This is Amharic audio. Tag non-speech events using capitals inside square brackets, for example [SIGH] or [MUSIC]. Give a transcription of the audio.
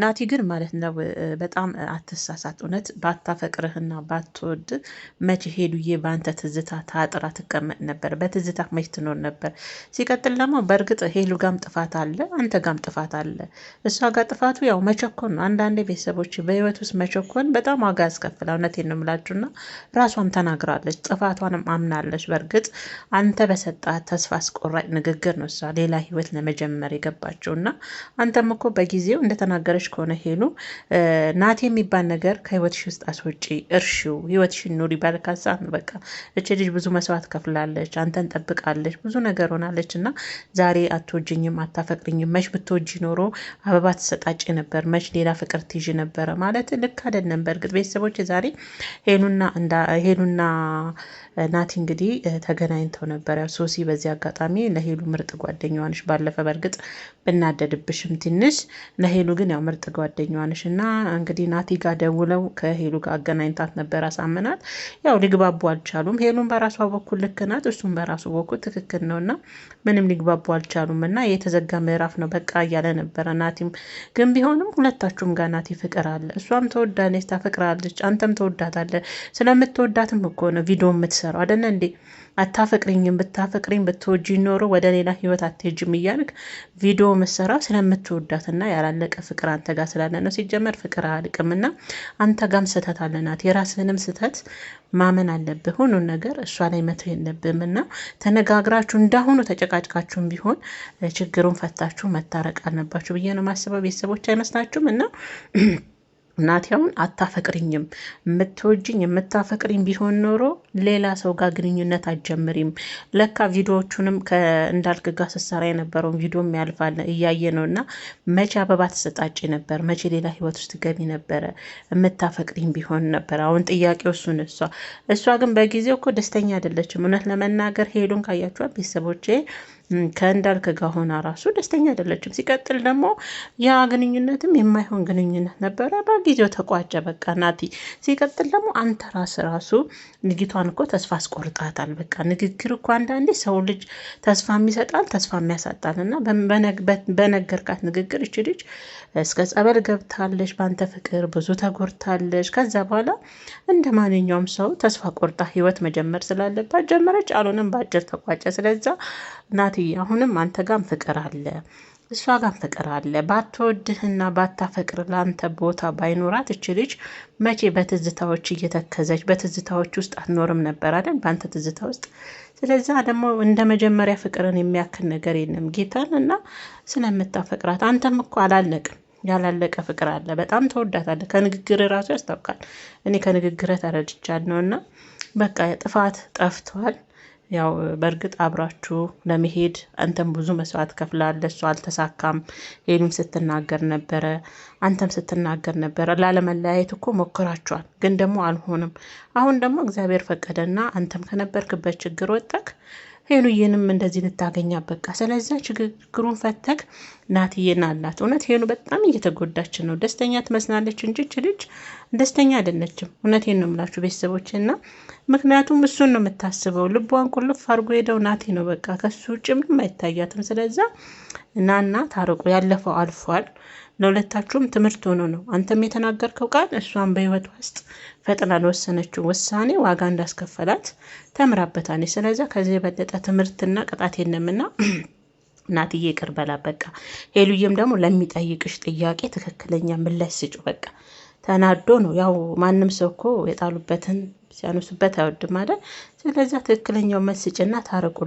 ናቲ ግን ማለት ነው በጣም አትሳሳት። እውነት ባታፈቅርህና ባትወድ መቼ ሄዱዬ በአንተ ትዝታ ታጥራ ትቀመጥ ነበር? በትዝታ መች ትኖር ነበር? ሲቀጥል ደግሞ በእርግጥ ሄሉ ጋም ጥፋት አለ፣ አንተ ጋም ጥፋት አለ። እሷ ጋር ጥፋቱ ያው መቸኮን ነው። አንዳንዴ ቤተሰቦች በህይወት ውስጥ መቸኮን በጣም ዋጋ ያስከፍል። እውነቴን ነው የምላችሁና ራሷም ተናግራለች፣ ጥፋቷንም አምናለች። በእርግጥ አንተ በሰጣት ተስፋ አስቆራጭ ንግግር ነው እሷ ሌላ ህይወት ለመጀመር የገባችው እና አንተም እኮ በጊዜው እንደተናገረች እያለች ከሆነ ሄሉ ናት የሚባል ነገር ከህይወትሽ ውስጥ አስወጪ፣ እርሺው፣ ህይወትሽን ኑሪ። ባለካሳት በቃ እች ልጅ ብዙ መስዋዕት ከፍላለች፣ አንተን ጠብቃለች፣ ብዙ ነገር ሆናለች እና ዛሬ አትወጅኝም፣ አታፈቅርኝም። መች ብትወጂ ኖሮ አበባ ትሰጣጭ ነበር፣ መች ሌላ ፍቅር ትይዥ ነበረ ማለት ልክ አይደለም። በእርግጥ ቤተሰቦች ዛሬ ሄሉና ናቲ እንግዲህ ተገናኝተው ነበር። ያው ሶሲ በዚህ አጋጣሚ ለሄሉ ምርጥ ጓደኛዋ ነች። ባለፈ በእርግጥ ብናደድብሽም ትንሽ ለሄሉ ግን ያው ምርጥ ጓደኛዋ ነሽ እና እንግዲህ ናቲ ጋር ደውለው ከሄሉ ጋር አገናኝታት ነበር፣ አሳምናት። ያው ሊግባቡ አልቻሉም። ሄሉን በራሷ በኩል ልክ ናት፣ እሱም በራሱ በኩል ትክክል ነው እና ምንም ሊግባቡ አልቻሉም እና የተዘጋ ምዕራፍ ነው በቃ እያለ ነበረ። ናቲም ግን ቢሆንም ሁለታችሁም ጋር ናቲ ፍቅር አለ። እሷም ተወዳለች፣ ታፈቅራለች፣ አንተም ተወዳታለ። ስለምትወዳትም እኮ ነው ቪዲዮ የምትሰራው አደነ እንዴ? አታፈቅሪኝም፣ ብታፈቅሪኝ ብትወጂ ኖሮ ወደ ሌላ ህይወት አትሄጅም እያልክ ቪዲዮ መሰራ ስለምትወዳትና ያላለቀ ፍቅር ከአንተ ጋር ስላለ ነው። ሲጀመር ፍቅር አያልቅምና አንተ ጋም ስህተት አለናት። የራስህንም ስህተት ማመን አለብህ። ሁኑን ነገር እሷ ላይ መተው የለብህም እና ተነጋግራችሁ እንዳሁኑ ተጨቃጭቃችሁም ቢሆን ችግሩን ፈታችሁ መታረቅ አለባችሁ ብዬ ነው ማስበው። ቤተሰቦች አይመስላችሁም እና [CLEARS THROAT] እናቴ አታፈቅሪኝም፣ አታፈቅርኝም። የምትወጅኝ የምታፈቅሪኝ ቢሆን ኖሮ ሌላ ሰው ጋር ግንኙነት አጀምሪም ለካ ቪዲዮዎቹንም እንዳልክ ጋር ስትሰራ የነበረውን ቪዲዮም ያልፋል እያየ ነው እና መቼ አበባ ተሰጣጭ ነበር? መቼ ሌላ ህይወት ውስጥ ገቢ ነበረ? የምታፈቅሪኝ ቢሆን ነበር። አሁን ጥያቄው እሱን እሷ እሷ ግን በጊዜው እኮ ደስተኛ አይደለችም። እውነት ለመናገር ሄሉን ካያችኋት ቤተሰቦቼ ከእንዳልክ ጋር ሆና ራሱ ደስተኛ አይደለችም። ሲቀጥል ደግሞ ያ ግንኙነትም የማይሆን ግንኙነት ነበረ፣ በጊዜው ተቋጨ። በቃ ናቲ፣ ሲቀጥል ደግሞ አንተ ራስ ራሱ ልጅቷን እኮ ተስፋ አስቆርጣታል። በቃ ንግግር እኮ አንዳንዴ ሰው ልጅ ተስፋ የሚሰጣል፣ ተስፋ የሚያሳጣል እና በነገርካት ንግግር እች ልጅ እስከ ጸበል ገብታለች፣ በአንተ ፍቅር ብዙ ተጎድታለች። ከዛ በኋላ እንደ ማንኛውም ሰው ተስፋ ቆርጣ ህይወት መጀመር ስላለባት ጀመረች፣ አልሆነም በአጭር ተቋጨ። ስለዛ እናትዬ አሁንም አንተ ጋም ፍቅር አለ እሷ ጋም ፍቅር አለ። ባትወድህና ባታፈቅር ላንተ ቦታ ባይኖራት እች ልጅ መቼ በትዝታዎች እየተከዘች በትዝታዎች ውስጥ አትኖርም ነበር አይደል? በአንተ ትዝታ ውስጥ። ስለዛ ደግሞ እንደ መጀመሪያ ፍቅርን የሚያክል ነገር የለም። ጌታን እና ስለምታፈቅራት አንተም እኮ አላለቅም። ያላለቀ ፍቅር አለ። በጣም ተወዳታለህ። ከንግግር ራሱ ያስታውቃል። እኔ ከንግግር ተረድቻለሁ። እና በቃ ጥፋት ጠፍቷል። ያው በእርግጥ አብራችሁ ለመሄድ አንተም ብዙ መስዋዕት ከፍላል፣ ለእሱ አልተሳካም። ሄሉም ስትናገር ነበረ፣ አንተም ስትናገር ነበረ። ላለመለያየት እኮ ሞክራችኋል፣ ግን ደግሞ አልሆንም። አሁን ደግሞ እግዚአብሔር ፈቀደና አንተም ከነበርክበት ችግር ወጠክ ሄሉዬንም እንደዚህ ልታገኛ በቃ። ስለዚያ ችግሩን ፈተግ ናትዬን አላት። እውነት ሄሉ በጣም እየተጎዳች ነው። ደስተኛ ትመስላለች እንጂ ልጅ ደስተኛ አይደለችም። እውነቴን ነው የምላችሁ ቤተሰቦች እና ምክንያቱም እሱን ነው የምታስበው። ልቧን ቁልፍ አድርጎ ሄደው ናቲ ነው በቃ። ከሱ ውጭ ምንም አይታያትም። ስለዚያ ናና ታረቁ፣ ያለፈው አልፏል። ለሁለታችሁም ትምህርት ሆኖ ነው። አንተም የተናገርከው ቃል እሷን በህይወት ውስጥ ፈጥና ለወሰነችው ውሳኔ ዋጋ እንዳስከፈላት ተምራበታለች። ስለዚያ ከዚህ የበለጠ ትምህርትና ቅጣት የለምና [CLEARS THROAT] እናትዬ ይቅር በላት በቃ። ሄሉዬም ደግሞ ለሚጠይቅሽ ጥያቄ ትክክለኛ ምላሽ ስጭ በቃ። ተናዶ ነው ያው ማንም ሰው እኮ የጣሉበትን ሲያነሱበት አይወድም አይደል? ስለዚያ ትክክለኛው መስጭና ታረቁ።